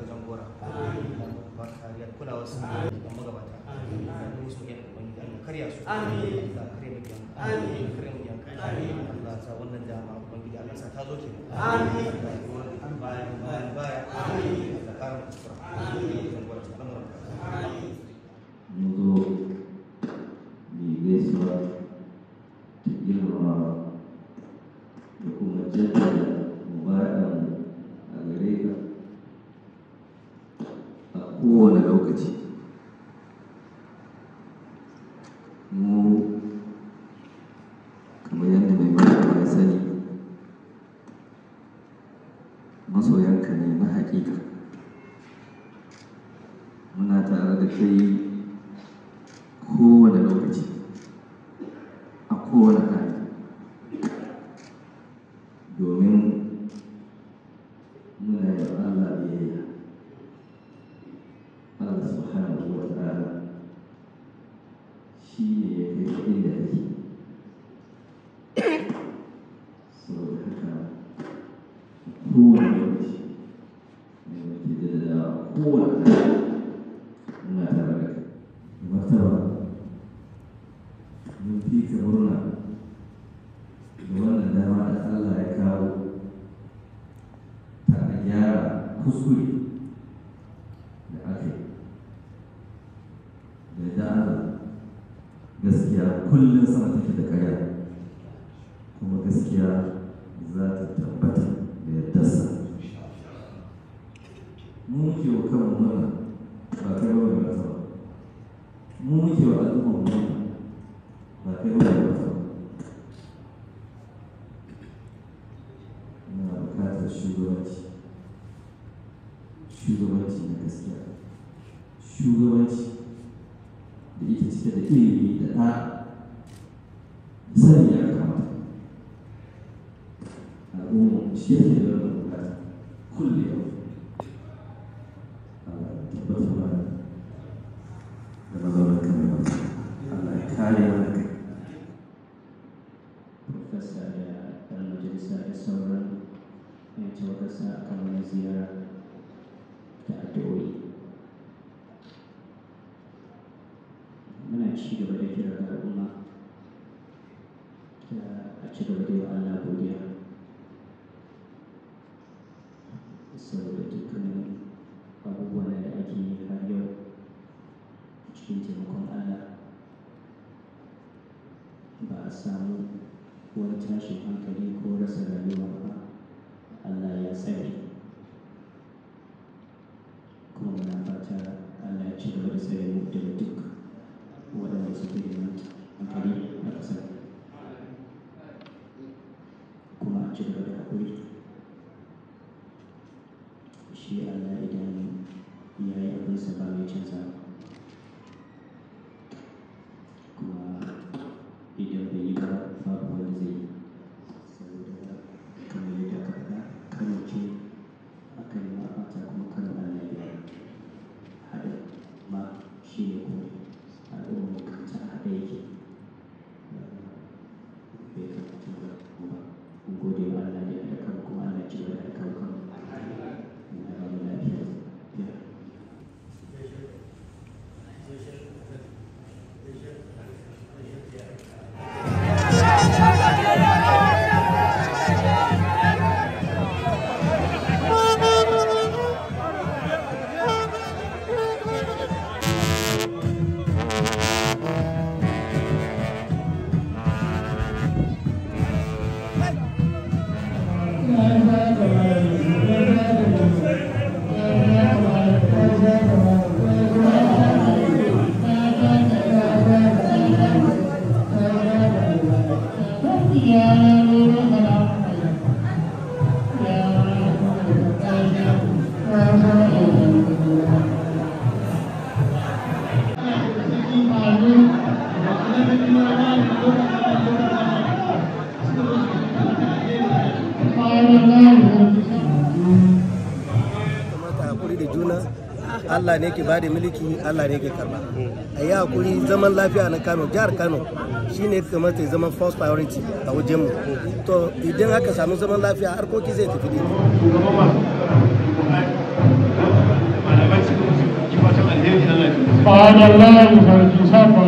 wajen gora ba kariyar kula su ne da magabata da da musu yan ubangiji Allah karya su amin da kare mu yan amin kare mu yan amin sa wannan jama'a ubangiji Allah sa ta zo ke amin الحقيقة هنا تعالى لكي الأولى المعتبرة المعتبرة mun fi ka murna da wannan dama da Allah ya kawo ta a gyara kuskure da aka yi da da'ar gaskiya kullum sama ta 走路，那走路的时候，那开始许多问题，许多问题那个时间，许多问题，你一天一天的积累的，那肾也搞的，啊，工作天天的。جبروتي وعلى بوديا saboda dukkanin abubuwan da ake yi har yau cikin taimakon Allah ba a samu wani tashin hankali ko rasa rayuwa ba Allah ya tsare kuma muna fata Allah ya ci gaba da tsare mu daga duk waɗanda suke da hankali a ƙasar Amen. da juna Allah ne ke ba da miliki Allah ne ke karba a yi hakuri zaman lafiya na Kano jihar Kano shine kamar ta zama first priority a wajen mu to idan aka samu zaman lafiya harkoki zai tafi da